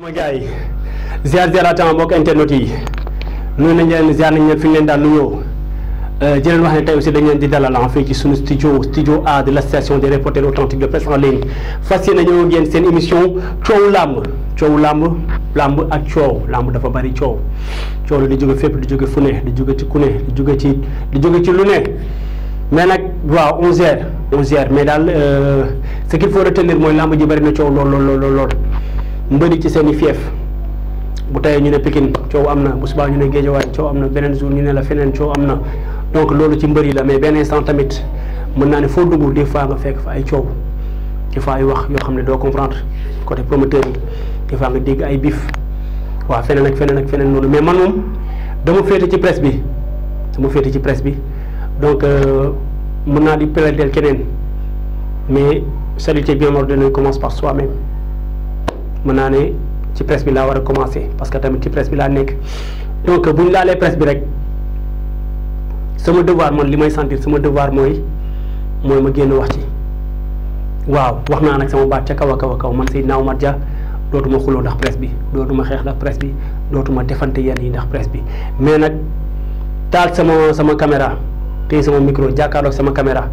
studio studio A de l'association des reporters authentiques de presse en ligne émission lam, euh, ce qu'il faut retenir mbëri ci seen i fief bu tay ñu ne Pikine ciow amna na bu subaa ñu ne Géejawaay coow ciow amna benen jour ñu ne la feneen ciow amna donc lolu ci mbëri la mais benn instant tamit mën naa ne foo dugg des fois nga fekk fa ay ciow des fois ay wax yo xam do comprendre côté promoteur yi des fois nga dégg ay bif wa feneen ak feneen ak feneen noonu mais man moom dama fété ci presse bi dama fété ci presse bi donc euh, mën naa di plaidel keneen mais saluer bien ordonné commence par soi-même menane ne ci presse bi la wara commencer parce que tamit ci presse bi la nek donc buñ la lay presse bi rek sama devoir man limay sentir sama devoir moy moy ma genn wax ci waaw wax na nak sama baat ca kaw a kaw a kaw man Seydina Omar Dia dootuma ndax presse bi dotuma xex ndax presse bi dotuma defante yene ndax presse bi mais nak tal sama sama caméra té sama micro jàkkaarloog sama caméra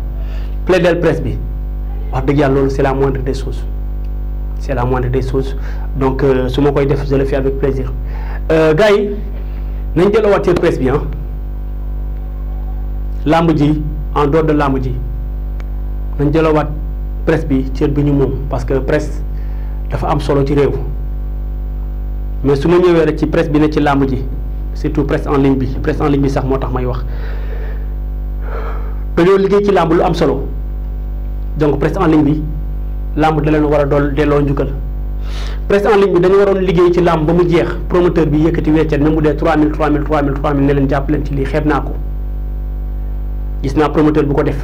plaidel presse bi wax deug yalla lolu c'est la moindre des choses c'est la moindre des choses donc ce euh, ma koy def je le fais avec plaisir euh, gars yi nañ delluwaat ci presse bien. Hein. L'amoudi, ji en dehors de làmb ji nañ delluwaat presse bi cër bi parce que presse dafa am solo ci réew mais su ma ñëwee rek ci presse bi c'est ci làmb ji surtout presse en ligne bi presse en ligne bi sax moo tax may wax Mais nous ci làmb lu am solo donc presse en ligne bi da leen war presse en ligne promoteur bi 3000 3000 promoteur bu ko promoteur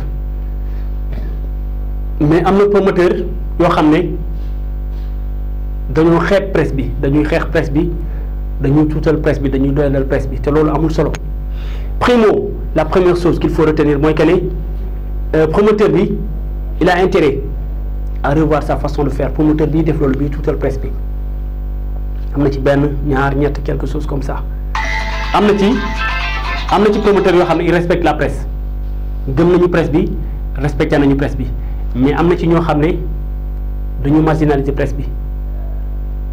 primo la première chose qu'il faut retenir moi que euh, promoteur il a intérêt à revoir sa façon de faire promoteur nous def toute la presse bi am quelque chose comme ça il y a promoteur respecte la presse ils respectent presse presse mais am ci ne presse bi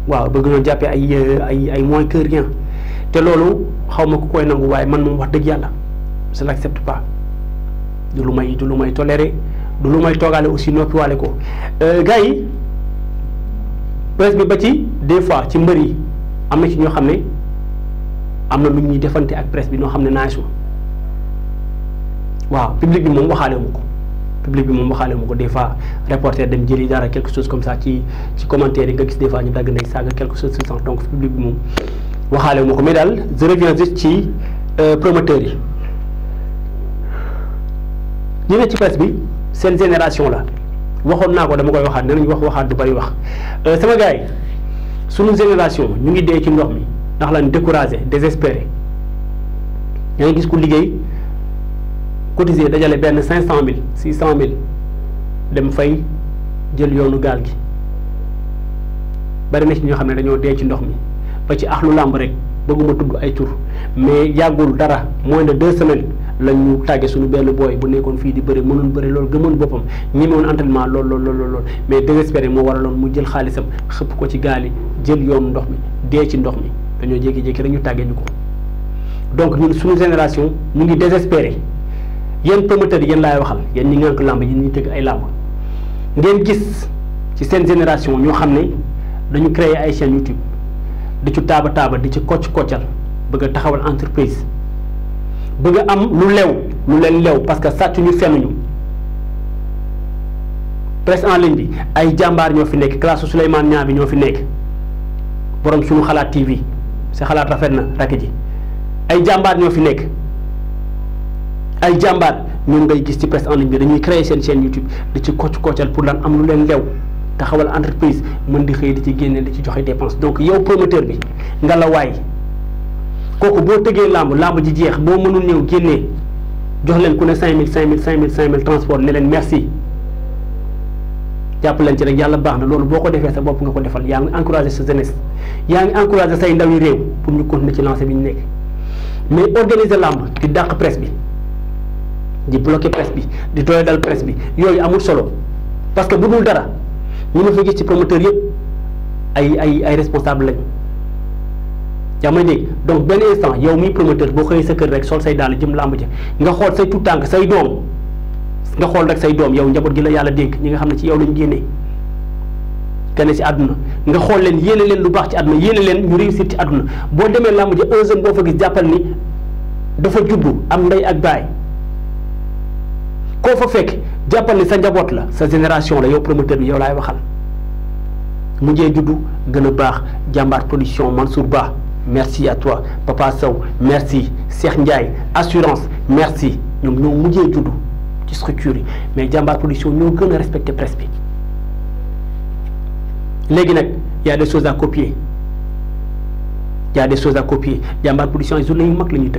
waaw euh, moins que rien et c'est ce ku koy nangu man l'accepte pas du ne du toléré du lu may aussi walé ko euh, presse bi des fois ci gens amna ci lu ñuy ak presse bi waaw public bi moom mu ko public bi moom waxalé mu ko des fois reporter dem jëli dara quelque chose comme ça ci ci commentaire nga des fois ñu quelque chose de donc public bi mu je reviens juste ci euh, promoteur yi presse seen génération la waxoon naa ko dama koy waxaat danañ wax waxaat du bari wax euh, sama gars yi génération ñu ngi dee ci ndox mi ndax lan découragé désespéré yaa ngi gis ku liggéey cotisé dajale benn cinq cent mille six cent mille dem fay jël yoonu gaal gi bari na ci ñoo xam ne dañoo dee ci ndox mi ba ci axlu làmb rek bëgguma tudd ay tur mais yàggul dara moins de deux semaines lañu ñu suñu benn boy bu nekkoon fi di bëri mënoon bëri loolu bopam boppam ñemewoon entraînement lool lool lool lool mais désespéré mo waralon mu jël xalissam xëpp ko ci gaali jël yoonu ndox mi dé ci ndox mi dañu jékki-jékki rek ñu tàggee ñu donc ñun suñu génération mu ngi désespéré yeen promoteur yeen lay waxal yeen ñi ngànk làmb yi ñi tëgg ay lamb ngeen gis ci seen génération ñu xamné dañu créer ay chaîne YouTube di ci taaba taaba di ci kocc koccal bëgg taxawal entreprise bëgg am lu lew lu leen lew parce que sàcc ñu fenuñu presse en ligne bi ay jàmbaar ñoo fi nekk classe Souleymane ñaar bi ñoo fi nekk borom suñu xalaat TV sa xalaat rafet na rakk ji ay jàmbaar ñoo fi nekk ay jàmbaar ñoom ngay gis ci presse en ligne bi dañuy créer seen chaîne YouTube di ci kocc koccal pour lan am lu leen lew taxawal entreprise mën di xëy di ci génne di ci joxe dépense donc yow promoteur bi nga la waay kooku bo tëgee lamb lamb ji jeex bo mënul new génné jox len ku 5000 5000 5000 5000 transport ne leen merci japp len ci rek yalla bax na lolu boko défé sa bop nga ko défal yaa encourager sa jeunesse yaa encourager say ndaw yi rew pour ñu continuer ci lancer bi ñu nekk mais organiser lamb di dàq presse bi di bloquer presse bi di doy dal presse bi yoy amul solo parce que bu dul dara ñu ma fa gis ci promoteur yépp ay ay ay responsable lañu. yaa may donc benn instant yow muy promoteur boo xëyee sa kër rek sol say daal jëm làmb ji nga xool say tout tànk say doom nga xool rek say doom yow njaboot gi la yàlla dénk ñi nga xam ne ci yow lañ génnee gane si àdduna nga xool leen yéene leen lu baax ci àdduna yéene leen ñu réussir ci àdduna boo demee làmb ji un jeune boo fa gis jàppal ni dafa juddu am ndey ak baay koo fa fekk jàppal ni sa njaboot la sa génération la yow promoteur bi yow laay waxal mujjee juddu gën a baax jàmbaar production Mansour Ba merci à toi Papa Sow merci Cheikh Ndiaye assurance merci Nous avons tout ci structure mais la production respecte y a presse bi il y a des choses à copier Il y a des choses à copier jàmbaar production des journée à copier.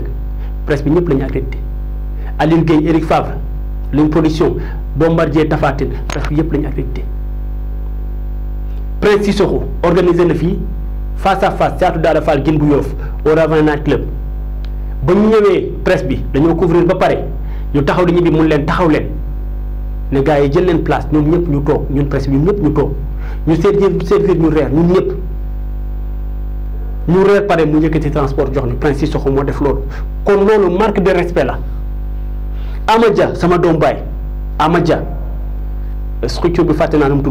presse Aline Eric Favre Ling production Bombardier Tafatine des yëpp la Prince organisé face à face à au Club ba ñu presse bi couvrir ba paré ñu taxaw leen taxaw leen ne yi jël leen place ñoom ñëpp ñu tok ñun presse bi ñëpp ñu tok ñu servir servir ñu reer ñun ñëpp ñu reer paré mu transport jox ñu Prince mo def lool kon loolu marque de respect la amadja sama doom baay amadja structure bi fàtte naa nu mu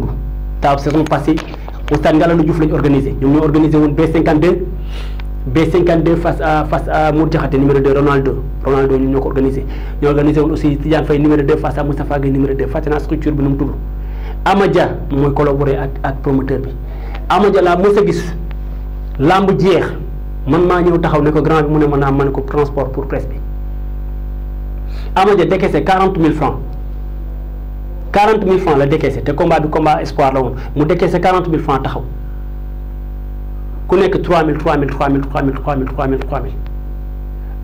saison passée oustad Ngalano Diouf lañ organiser ñoom ñoo organiser woon B52 B52 face à face à Mour numéro 2 Ronaldo Ronaldo ñu ñoo organiser ñoo organiser woon aussi Tidiane Faye numéro 2 face à Moustapha Gueye numéro 2 Fatina structure bi nu mu tudd Amadia moy collaborer ak ak promoteur bi Amadia la mos a gis lamb jeex man ma ñëw taxaw ne ko grand bi mu ne ma man ko transport pour presse bi Amadia décaissé 40000 francs 40 000 francs la décaissé. C'est combat du combat espoir. Il a décaissé 40 000 francs. Il n'y Connais que 3 000, 3 000, 3 000, 3 000, 3 000, 3 000, 3 000.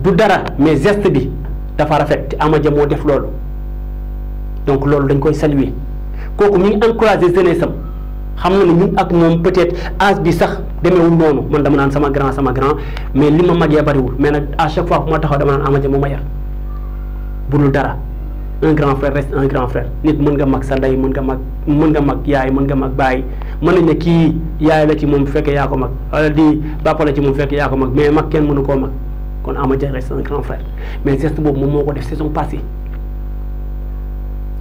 Doudara, mes gestes, il a fait un effet. Il a fait un effet. Donc, il a salué. Il a encouragé ses enfants. Peut-être que je suis un peu plus grand, sama grand, sama grand, mais je suis un peu plus grand. Mais à chaque fois, je suis un peu plus grand. Je suis un peu plus un grand frère reste un grand frère nit mën nga mag sa ndey mën nga mag mën nga mag yaay mën nga mag baay mën nañ ne kii yaay la ci moom fekkee yaa ko mag wala di bàppa ci moom fekkee yaa ko mag mais mag kenn mënu koo mag kon Ama Dia reste un grand frère mais geste boobu moom moo ko def saison passée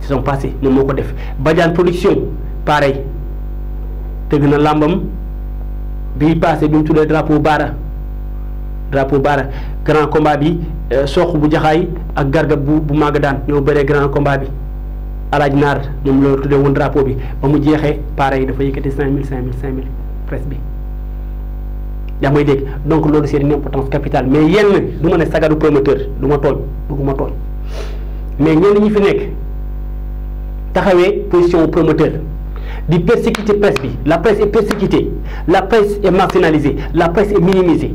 saison passée moom moo ko def Badiane production pareil tëgg na làmbam bii passé bi mu tuddee drapeau Baara. drapeau bara grand combat bi euh, soq bu jaxaay ak garga bu bu Magadan, ñoo grand combat bi alaaj nar moom lo tuddee drapeau bi ba mu jéxé pareil, il dafa yëkkati 5000 5000 5000 000, 5 000, presse bi da may dégg donc lolu c'est une importance capitale mais yenn du ma ne sagaru promoteur du ma tooñ bëgguma tooñ mais ñenn ñi fi nekk taxawé position promoteur di persécuter presse bi la presse est persécutée la presse est marginalisée la presse est minimisée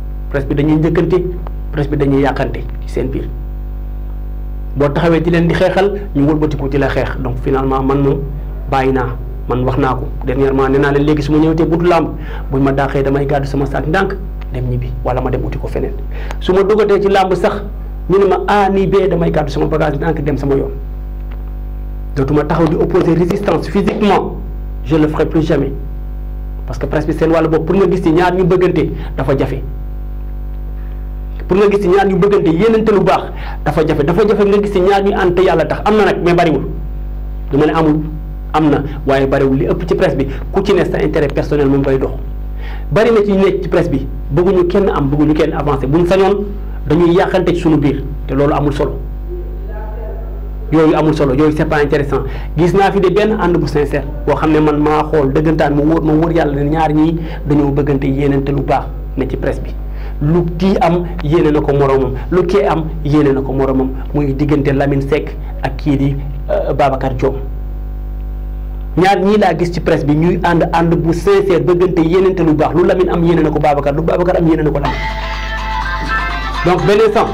presse bi dañuy njëkkante presse bi dañuy yàkkante ci seen biir boo taxawee ci leen di xeexal ñu wëlbatiku ci la xeex donc finalement man moom bàyyi naa man wax naa ko dernièrement nee naa leen léegi su ma ñëwatee bu làmb buñ ma dàqee damay gàddu sama saak ndànk dem ñibi wala ma dem uti ko feneen su ma dugatee ci lamb sax ñu ne ma a ah, ni bee damay gàddu sama bagage ndànk dem sama yoon dootuma taxaw di opposer résistance physiquement je le ferai plus jamais parce que presque bi seen wàll boobu pour nga gis ci ñaar ñu bëggante dafa jafe pour nga gis ci ñaar ñu bëggante yéenante lu baax dafa jafe dafa jafe nga gis ci ñaar ñu ànd te yàlla tax am na nag mais bariwul lu ma ne amul am na waaye bariwul li ëpp ci presse bi ku ci ne sa intérêt personnel moom ngay dox bari na ci nekk ci presse bi bëgguñu kenn am bëgguñu kenn avancé bu buñ sañoon dañuy yàqante ci suñu biir te loolu amul solo yooyu amul solo yooyu c'est pas intéressant gis naa fi de benn ànd bu sincère boo xam ne man maa xool dëggantaan mu wóor ma wóor yàlla ne ñaar ñii dañoo bëggante yéenante lu baax ne ci presse bi lu kii am yéene na ko moroomam lu kii am yéene na ko moroomam muy diggante Lamine sekk ak kii di euh, Babacar Diom ñaar ñii laa gis ci presse bi ñuy ànd ànd bu sincère bëggante yéenante lu baax lu Lamine am yéene na ko Babacar lu Babacar am yéene na ko Lamine donc beneen sens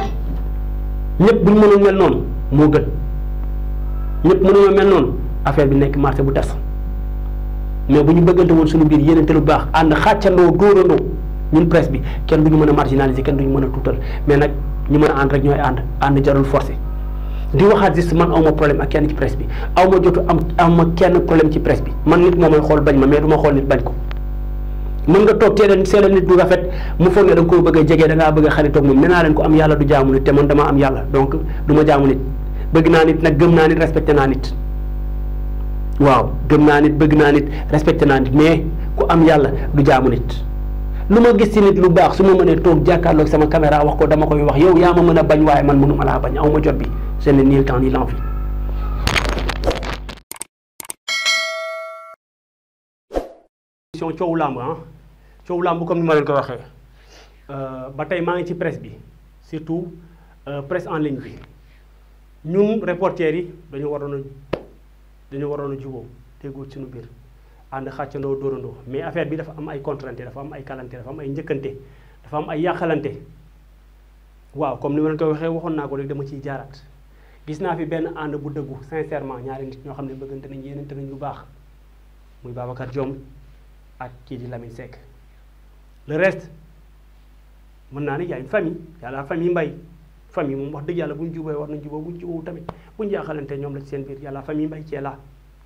ñëpp bu ñu mënoon mel noonu moo gën ñëpp mënoon mel noonu affaire bi nekk marché bu tas mais bu ñu bëggante woon suñu biir yéenante lu baax ànd xàccandoo dóorandoo. ñun presse bi kenn du ñu mën a marginaliser kenn du ñu mën a tuutal mais nag ñu mën a ànd rek ñooy ànd ànd jarul forcé di waxaat juste man awma problème ak kenn ci presse bi awma jotu am awma kenn problème ci presse bi man nit moo may xool bañ ma mais du ma xool nit bañ ko mën nga toog teedal seedal nit du rafet mu foog ne da koo bëgg a jege da bëgg a xaritoog moom nee naa leen ko am yàlla du jaamu nit te man dama am yàlla donc du ma jaamu nit naa nit nag gëm naa nit respecté naa nit waaw gëm naa nit bëgg naa nit respecté naa nit mais ku am yàlla du jaamu nit lu ma gis ci nit lu baax su ma mënee toog jàkkaarloog sama caméra wax ko dama koy wax yow yaa ma mën a bañ waaye man mënuma laa bañ aw ma jot bi seen n'ai ni le temps ni l'envie émission coow ah. comme ni ma leen ko waxee euh, ba tey maa ngi ci presse bi surtout euh, presse en ligne bi ñun reporters yi dañu waroon dañu waroon a jubóo téggoo ci suñu biir ànd xàccandoo dóorandoo mais affaire bi dafa am ay contrainte dafa am ay kalante dafa am ay njëkkante dafa am ay yàqalante waaw comme ni ma leen koy waxee waxoon naa ko léegi dama ciy jaaraat gis naa fi benn ànd bu dëggu sincèrement ñaari nit ñoo xam ne bëggante nañ yéenante nañ bu baax muy Babacar Diome ak kii di Lamine Seck le reste mën naa ne yaay famille yàlla famille mbay famille moom wax dëgg yàlla bu ñu jubee war nañ juboo bu ñu juboo tamit bu ñu jaaxalante ñoom la seen biir yàlla famille mbay cee laa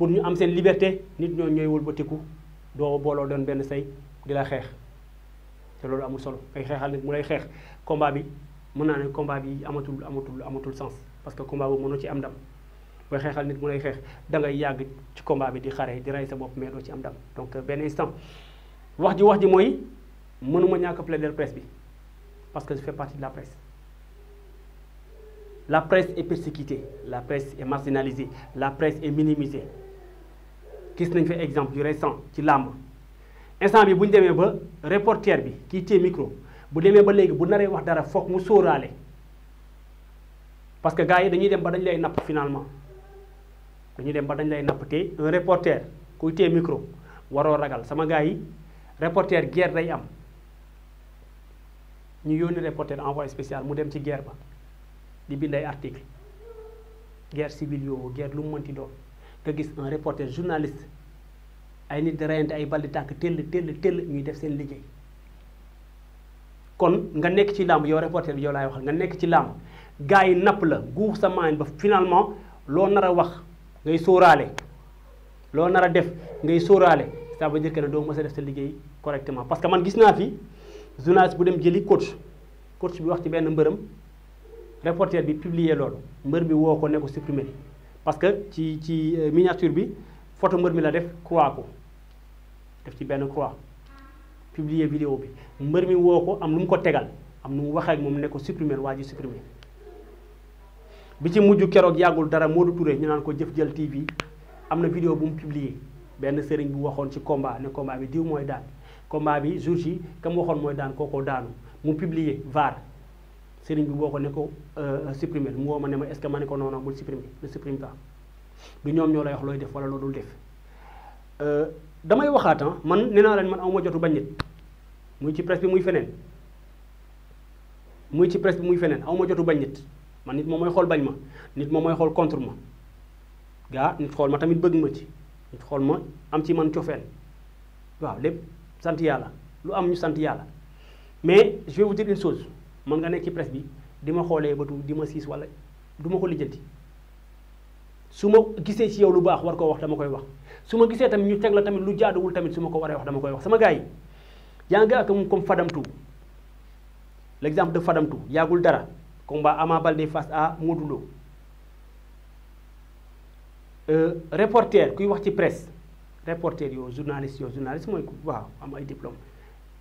pour ñu am sen liberté nit ñooñu ñooy wëlbatiku doo booloo doon benn say di la xeex te loolu amul solo ngay xexal nit mu lay xex combat bi mën naa combat bi amatul amatul amatul sens parce que combat boobu mëno ci am dam booy xexal nit mu lay xex da ngay yag ci combat bi di xaré di rey sa bop mais do ci am dam donc euh, benn instant wax ji wax ji moy mënuma ñàkk plaider presse bi parce que je fais partie de la presse la presse est persécutée la presse est marginalisée la presse est minimisée gis nañ fa exemple yu récent ci làmb instant bi bu ñu demee ba reporter bi kii téye micro bu demee ba léegi bu naree wax dara foog mu sóoraale parce que gars yi dañuy dem ba dañ lay napp finalement dañuy dem ba dañ lay napp te un reporter kuy téye micro waroo ragal sama gars yi reporter ger day am ñu yónni reporter envoyé spécial mu dem ci guerre ba di bind ay article guerre civile yooyu lu mu mënti doon nga gis un reporter journaliste ay nit di reyante ay bal di tàkk tëll tëll tëll ñuy def seen liggéey kon nga nekk ci làmb yow reporter bi yow laay waxal nga nekk ci làmb gars yi napp la guuf sa maañ ba finalement loo nar a wax ngay sóoraale loo nar a def ngay sóoraale ça veut dire que doo mës def sa liggéey correctement parce que man gis naa fi journaliste bu dem jëli coach coach bi wax ci benn mbërëm reporter bi publier loolu mbër bi woo ko ne ko supprimer parce que ci ci euh, miniature bi photo mbër mi la def croix ko def ci benn croix publier vidéo bi mbër mi woo ko am lu mu ko tegal am nu mu waxee ak moom ne ko waa ji supprimer bi ci mujj keroog yàggul dara Modou Touré ñu naan ko jëf jël TV am na vidéo bu mu publier benn sëriñ bu waxoon ci combat ne combat bi diw mooy daan combat bi jour ji ka waxoon mooy daan kookoo daanu mu piblier VAR sëriñ bi boko ko ne ko euh, supprimer mu woo ne ma est-ce que ma ne ko non non supprimer ne supprime pas du ñom ñolay wax loy def wala loolu dul def euh, damay waxaat ah, man neena naa man awma jotu bañ nit muy ci presse bi muy fenen muy ci presse bi muy fenen awma jotu bañ nit man nit moom mooy xool bañ ma nit moom mooy xool contre ma ga nit xol ma tamit bëgg ma ci nit xol ma am ci man cofeel waaw lépp sante yalla lu am ñu sante yalla mais je vais vous dire une chose mën nga nekk ci presse bi di ma xoolee bëtu di ma siis wala du ma ko lijjanti su ma gisee ci yow lu baax war koo wax dama koy wax su ma gisee tamit ñu teg la tamit lu jaaduwul tamit su ma ko waree wax dama koy wax sama gars yi yaa ngi ak moom comme Fadamtu l'exemple de Fadamtu yàggul dara combat Ama Baldé face à Modou Lo euh, reporter kuy wax ci presse reporter yoo journaliste yoo journaliste mooy waaw am ay diplôme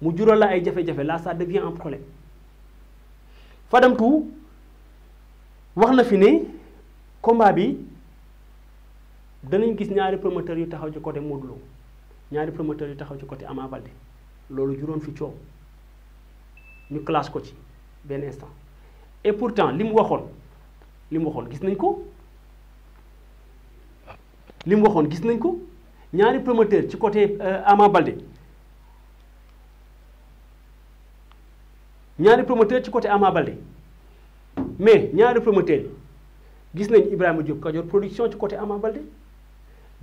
mu jural la ay jafe-jafe là ça devient un problème fadamtu wax na fi ne combat bi danañ gis ñaari promoteur yu taxaw ci côté Modou ñaari promoteur yu taxaw ci côté Ama Baldé loolu juróon fi coow ñu classe ko ci benn instant et pourtant li mu waxoon li waxoon gis nañ ko li waxoon gis nañ ko ñaari promoteur ci côté euh, Ama Baldé ñaari promoteur ci côté Ama Baldé mais ñaari promoteur gis nañu Ibrahima Diop Kajoor production ci côté Ama Baldé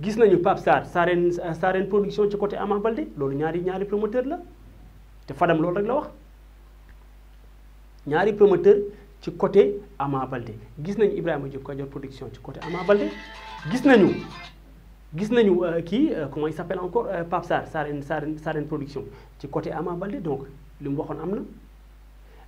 gis nañu Pape Sar Sarène Sarène production ci côté Ama Baldé loolu ñaari ñaari promoteur la te Fadam lolu rek la wax ñaari promoteur ci côté Ama Baldé gis nañu Ibrahima Diop Kajoor production ci côté Ama Baldé gis nañu gis nañu euh, kii euh, comment il s'appelle encore euh, Pape sar Sarène Sarène Sarène production ci côté Ama Baldé donc limu mu amna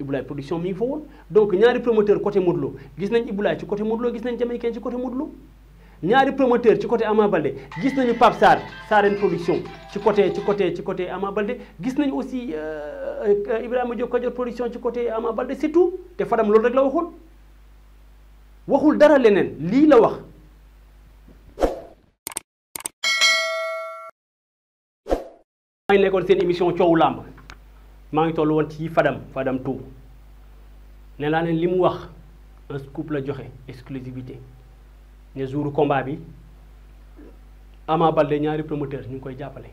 Iboulaye production mi ngi donc ñaari promoteur côté Modou Lo gis nañ Iboulaye ci côté Modou Lo gis nañ Jamaïcain ci côté Modou Lo ñaari promoteur ci côté Ama Baldé gis nañu Pape Sarr Sarène production ci côté ci côté ci côté Ama Baldé gis nañu aussi euh, Ibrahima Diop Kajoor production ci côté Ama Baldé c'est tout te Fadam loolu rek la waxoon waxul dara leneen lii la wax nekkoon seen émission coowu làmb maa ngi toll Fadam Fadam tout ne laa ne li mu wax un scoop la joxe exclusivité ne jouru combat bi Ama balde ñaari promoteur ñu ngi koy jàppale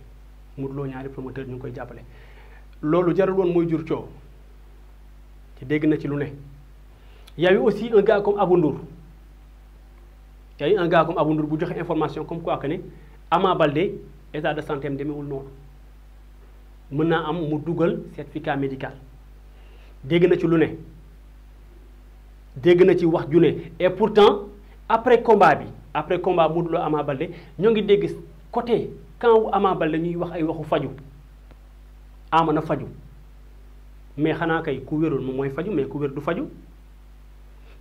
Modou Lo ñaari promoteur ñu ngi koy jàppale loolu jarul woon mooy jur coow te dégg na ci lu ne y a eu aussi un gars comme Abou Ndour y eu un gars comme Abou Ndour bu joxe information comme quoi que ne Ama balde état de santé am demewul noonu mën naa am mu dugal certificat médical dégg na ci lu ne dégg na ci wax ju ne et pourtant après combat bi après combat Modou Lo Ama Baldé ñoo ngi dégg côté quand wu Ama Baldé ñuy wax ay waxu faju ama na faju mais xanaa kay ku wérul moom mooy faju mais ku wér du faju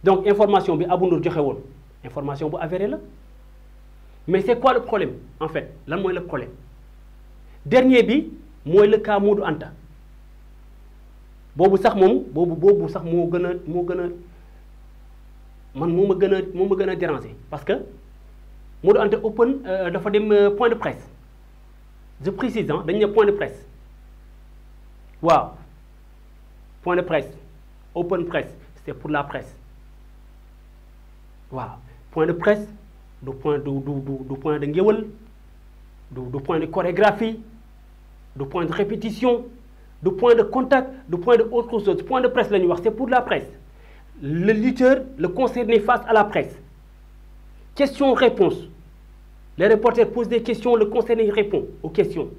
donc information bi Abou Ndour joxe information bu avéré la mais c'est quoi le problème en fait lan mooy le problème dernier bi moy le cas Modou Anta bobu sax mom bobu bobu sax mo gën mo moo man moma ma moma a déranger parce que Modou Anta open euh, dafa dem euh, point de presse je précise hein, dañu ne point de presse waaw point de presse open presse c'est pour la presse waaw point de presse du point du du du point de ngéwal du du point de chorégraphie de points de répétition de points de contact de point de autre chose point de presse c'est pour la presse le lutteur le concerné face à la presse question réponse les reporters posent des questions le concerné répond aux questions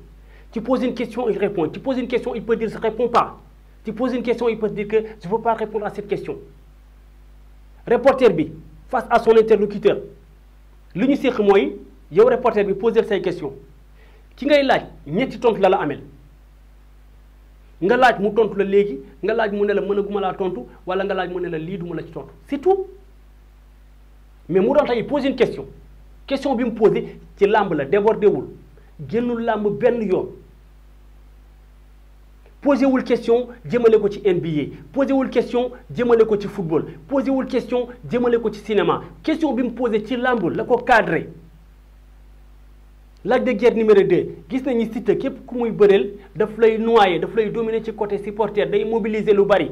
tu poses une question il répond tu poses une question il peut dire je réponds pas tu poses une question il peut dire que je ne veux pas répondre à cette question reporter B, face à son interlocuteur moi, il y a un reporter qui pose ses questions ki ngay laaj ñetti tontu la la amel nga laaj mu tontu la léegi nga laaj mu ne la tontu wala nga mu ne la la ci tontu c'est tout mais mu doon pose une question question bi mu posé ci lamb la débordé wul génnul lamb benn yoon posé wul question jëmale ko ci NBA posé wul question jëmale ko ci football Posez-vous wul question jëmale ko ci cinéma question bi mu posé ci lamb la ko L'acte de guerre numéro 2 gis nañu Siteu képp ku muy bëreel daf lay noyer, daf lay dominer ci côté supporter mobiliser le bari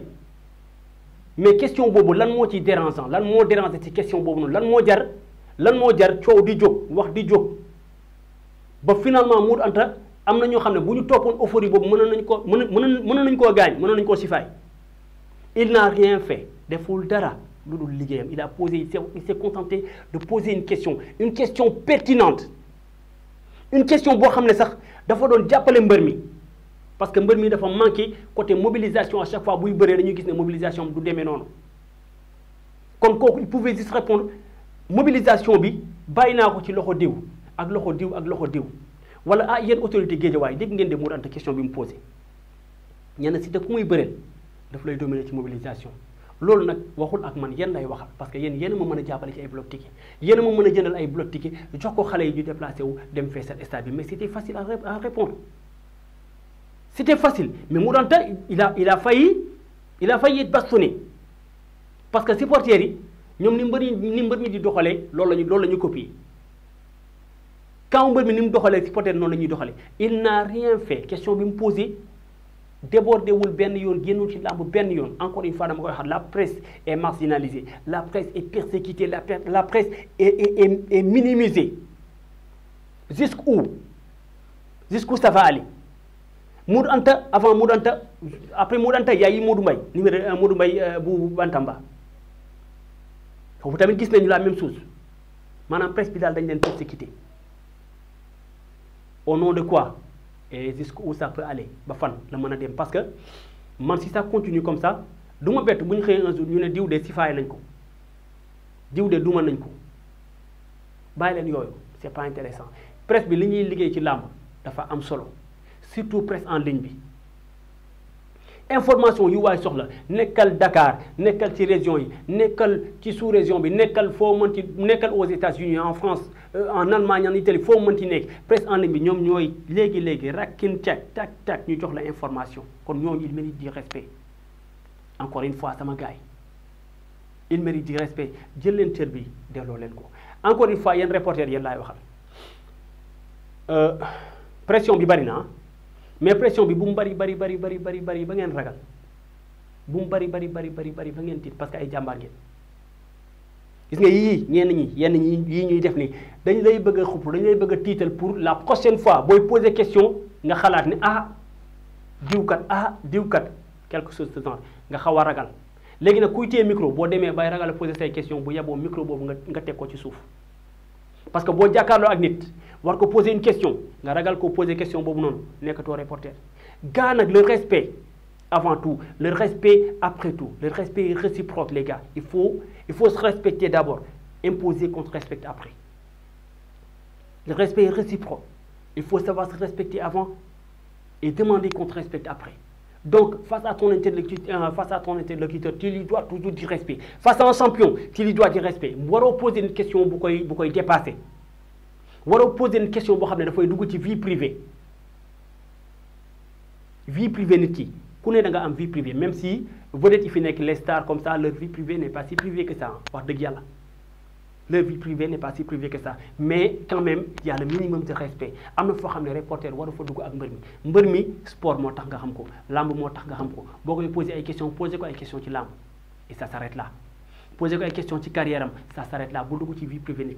mais question boobu la ci dérangeant lan déranger la question lan jar lan mo jar di wax di finalement Modou Anta ne euphorie il n'a rien fait foule dara il a posé il s'est contenté de poser une question une question pertinente une question bo xamné sax dafa doon jappalé mbeur mi parce que mbeur mi dafa manqué côté mobilisation à chaque fois buy bëree dañuy gis né mobilisation du démé non kon kooku il pouvait juste répondre mobilisation bi bayina ko ci loxo diw ak loxo diw ak loxo diw wala a ah, yéen autorité géejawaay dégg ngén dé mu ante question bi mu posé ñenn si te ku muy bëreel daf lay dominer ci mobilisation lol nak waxul ak man yéen lay waxal parce que yéen yéen ma meuna a ci ay bloc ticket yéen ma meuna a jëndal ay bloc ticket jox ko xalé yi ñu déplacé wu dem fé cet stade bi mais c'était facile à répondre c'était facile mais mu doon il a il a failli il a failli bastonné parce que supporters yi ñom ni mbeur ni mbër mi di doxalé loolu lañu loolu lañu ñu copier quand mbër mi ni mu doxalee supporters non la doxalé doxalee il n'a rien fait question bi mu poser débordé wul ben yoon génnul ci lamb ben yoon encore une fois dama koy la presse est marginalisée la presse est persécutée la presse est est est, est minimisée jusqu'où jusqu'où ça va aller Modou Anta avant Modou Anta après Modou Anta yaay Modou Mbaye numéro 1 Modou Mbaye euh, bu Bantamba foofu tamit gis nañu la même chose la presse bi daal dañ leen persécuté au nom de quoi et jusqu'où ça peut aller ba fan la mën dem parce que man si ça continue comme ça du ma buñ xey un jour ñu né diw de sifay nañ ko diw de duma nañ ko bay leen yooyu c'est pas intéressant presse bi li ñuy liggéey ci lamb dafa am solo surtout presse en ligne bi information yu n'est soxla nekkal Dakar nekkal ci région yi nekkal ci sous région bi aux États-Unis en France euh, en Allemagne en Italie ont nekk en ligne bi des légui rakkin tak ñu jox la information kon il mérite du respect encore une fois sama gars il mérite du respect jël bi encore une fois un reporter waxal euh, pression bi bari na ah mais pression bi bari bari bari bari bari bari ba ngeen bari bari bari bari parce que pour la prochaine fois boy poser question nga xalaat ni ah kat ah quelque chose de temps nga ragal micro bo démé bay ragal poser question bu micro parce que war ko poser une question nga ragal ko poser question a que toi, reporter gars le respect avant tout le respect après tout le respect est réciproque les gars il faut il faut se respecter d'abord imposer qu'on respect respecte après le respect est réciproque il faut savoir se respecter avant et demander qu'on te respecte après donc face à ton interlocuteur euh, face à ton interlocuteur tu lui dois toujours du respect face à un champion tu lui dois du respect moi poser une question pourquoi il bu koy waroo poser une question boo xam ne dafay dugg ci vie privée vie privée nit ki ku ne da nga am vie privée même si vous yi fi nekk les stars comme ça leur vie privée n'est pas si privée que ça wax dëgg yàlla leur vie privée n'est pas si privée que ça mais quand même il y a le minimum de respect am na foo xam ne reporter waru fa dugg ak mbër mi mbër mi sport moo tax nga xam ko lamb moo tax nga xam ko boo koy poser ay question poser ko ay question ci lamb et ça s'arrête là poser ko ay question ci carrière ça s'arrête là bu dugg ci vie privée nit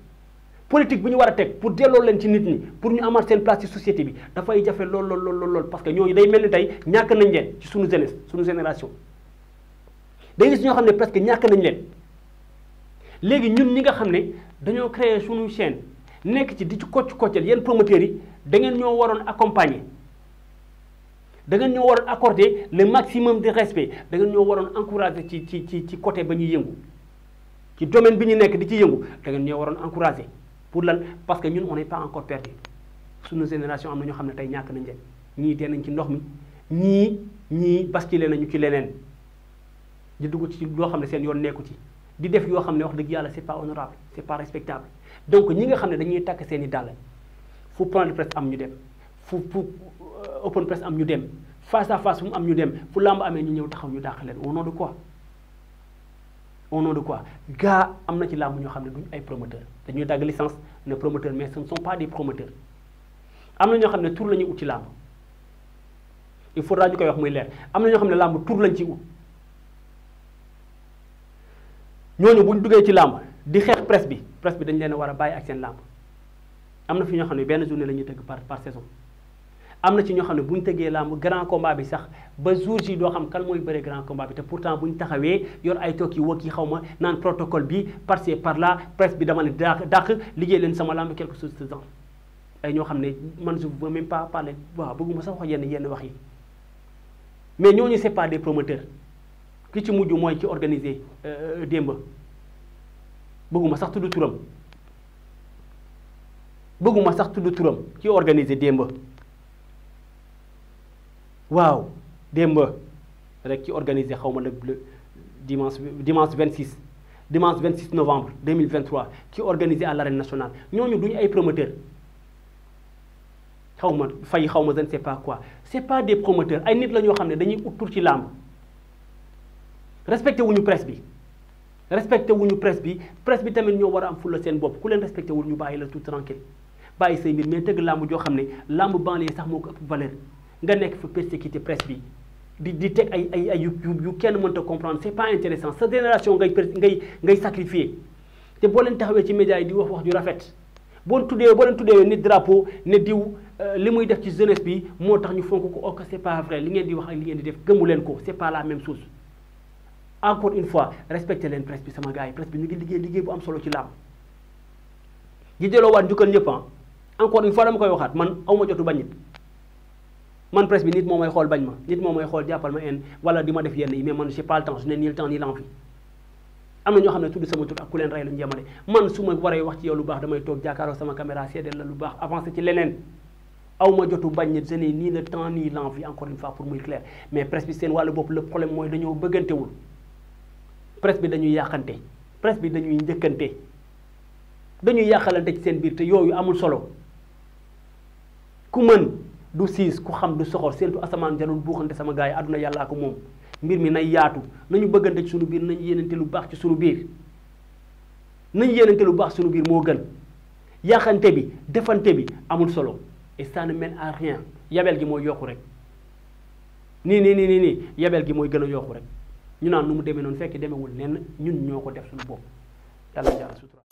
politique bu ñu war a teg pour delloo leen ci nit ñi pour ñu amaat seen place ci société bi dafay jafe lool lool lool lool parce que ñooñu day mel ni tey ñàkk nañ leen ci suñu jeunesse suñu génération day ñoo xam ne presque ñàkk nañ leen léegi ñun ñi nga xam ne dañoo créer suñu chaîne nekk ci di ci kocc koccal yenn promoteurs yi da ngeen ñoo waroon accompagner da ngeen ñoo waroon accorder le maximum de respect da ngeen ñoo waroon encourager ci ci ci ci côté ba ñuy yëngu ci domaine bi ñu nekk di ci yëngu da ngeen ñoo waroon encourager parce que nous, on n'est pas encore perdu suñu nos générations, na ñu xamné ne ñak nañ nañ ci ndox mi ñi ñi basculé nañu ci di dugg ci lo xamné seen yoon ci di c'est pas honorable c'est pas respectable donc ñi nga xamné dañuy prendre presse am open presse am face à face fu am ñu dem fu au nom de quoi au nom de quoi gaa amna ci lamb ñu xamné duñ ay licence ne promoteur mais ce ne sont pas des promoteurs amna ñu xamné tour ne outil lamb il faudra ñu koy wax muy leer amna ñu xamné ne lañ ci ñoñu buñ duggé ci lamb di xex presse bi presse bi dañ leen wara ak fi journée par par saison amna ci ñoo xamne buñu bu ñu tëggee grand combat bi sax ba jour ji doo xam kan moy béré grand combat bi té pourtant buñu taxawé yor ay toog yi wëkk yi xaw protocole bi par par là presse bi dama né dakh dàq len sama lamb quelque chose de temps ay ñoo xamne man je veux même pas parler wa bëgguma sax wax yenn yenn wax yi mais ñu c'est pas des promoteurs ki ci muju moy ci organiser euh demba bëgguma sax tuddu turam bëgguma sax tuddu turam ci organiser demba Waouh des rek qui organisé le dimanche dimanche 26 dimanche 26 novembre 2023 qui organisé à l'arène nationale Nous duñu ay promoteur fay n'est je ne pas quoi c'est pas des promoteurs ay nit la ñoo qui ne dañuy de tur ci respectez wuñu presse bi vous wuñu presse bi presse bi tout tranquille laissez say mais ne nga nek fu persécuté presse bi di di tek ay ay ay yu yu kenn mënta comprendre c'est pas intéressant sa génération ngay ngay ngay sacrifier té bo len taxawé ci média yi di wax wax ju rafet boo tuddee bo len tuddee ni drapeau ne diw euh, limuy def ci jeunesse bi motax ñu fonk ko ok oh, c'est pas vrai li ngeen di wax ak li ngeen di def gëmu len ko c'est pas la même chose encore une fois respecté len presse bi sama gars presse bi ñu ngi liggé liggé bu am solo ci làmb di delloowaat njukkal ñëpp ah. encore une fois dama koy waxat man awma jotu bañ nit man presse bi nit momay xol xool bañ ma nit momay xol jappal ma en wala dima def yenn mais man j'ai pas le temps su ne nii le temps ni l'envie amna na ñoo xam ne sama tur ak ku len ray lañu yemale man su ma wax ci yow lu baax damay tok jàkkaaroo sama caméra sédel la lu baax avancer ci lenen awma ma jotu bañ ne ne nii le temps ni l'envie encore une fois pour muy clair mais presse bi seen wàllu bop le problème mooy dañoo wul presse bi dañuy yakanté presse bi dañuy njëkkante dañuy yàqalante ci seen biir té yoyu amul solo ku mën du siis ku xam du soxor seentu asamaan jarul buuxante sama gars yi àdduna yàllaa ko moom mbir mi nay yaatu nañu bëggante ci sunu biir nañu yéenante lu baax ci sunu biir nañu lu baax sunu biir moo gën yàqante bi defante bi amul solo et ça ne mène à gi mooy yokku rek nii nii nii nii nii yabel gi mooy gën a yokku rek ñu naan nu mu demee noonu fekk demewul nenn ñun ñoo ko def suñu bopp